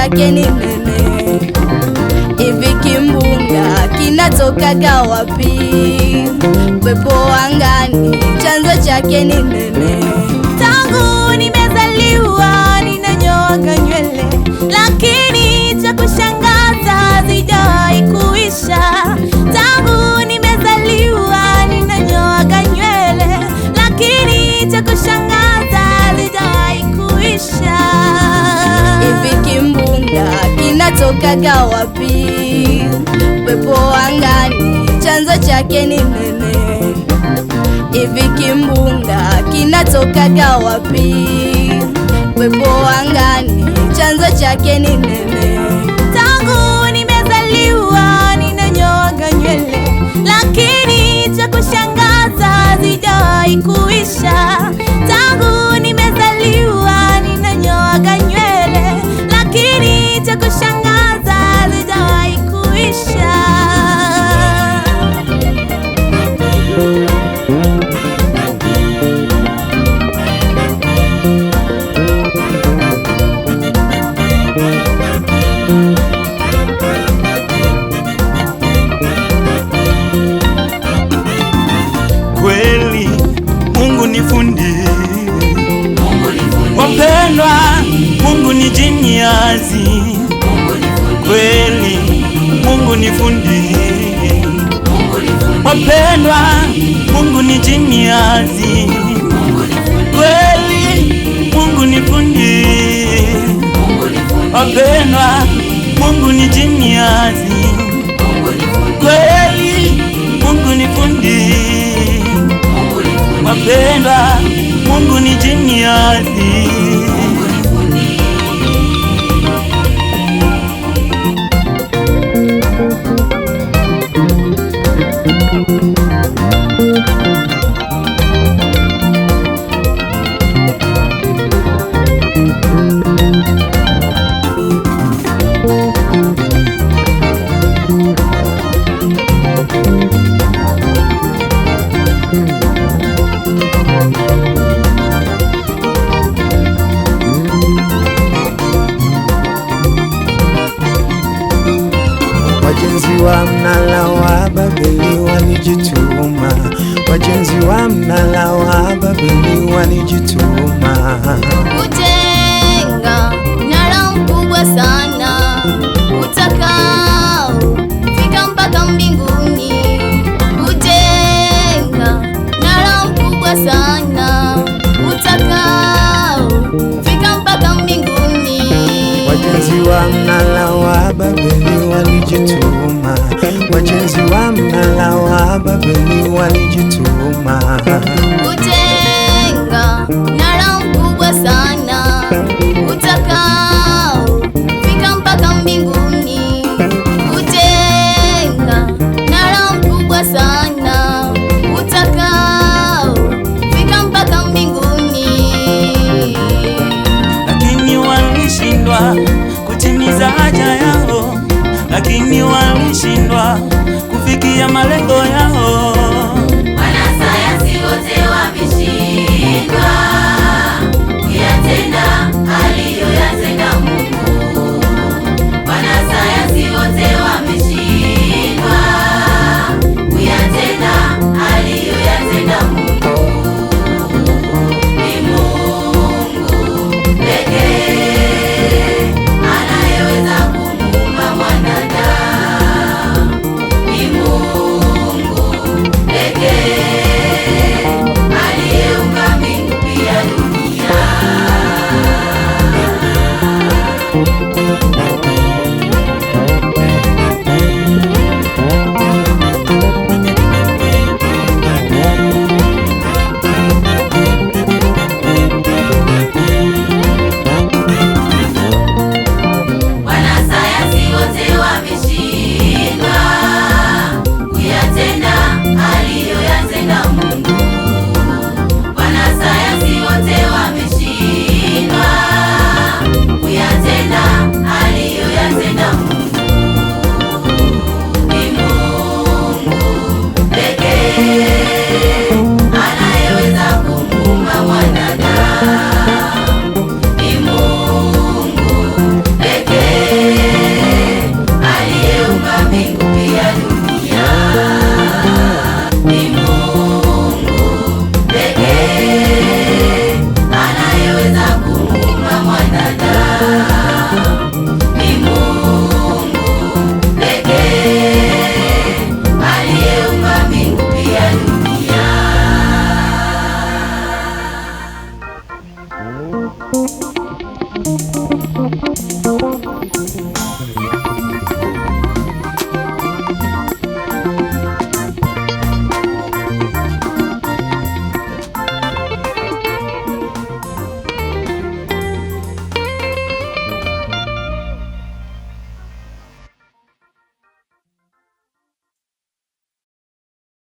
yake ni nene. Hivi kimbunga kinatokaga wapi? Pepo angani, chanzo chake ni nene. Tangu nimezaliwa Unatokaga wapi? Pepo angani, chanzo chake ni meme. Hivi kimbunga kinatokaga wapi? Pepo angani, chanzo chake ni meme. Tangu nina ninanyoga nywele, lakini cha kushangaza zijawahi kuisha Kweli Mungu nifundie, wapendwa, Mungu ni jeniazi nijinyazi kweli, Mungu nifundi wapendwa, Mungu nijinyazi kweli, Mungu nifundi wapendwa, Mungu nijinyazi Wajenzi wa mnala wa Babeli walijituma, wajenzi wa mnara wa Babeli walijituma, kujenga mnara mkubwa sana walijituma, wajenzi wa mnara wa Babeli walijituma. Utenga mnara mkubwa sana utakao fika mpaka mbinguni. Utenga mnara mkubwa sana utakao fika mpaka mbinguni, lakini walishindwa lakini walishindwa kufikia malengo yao. Wanasayansi wote wameshindwa. Thank you.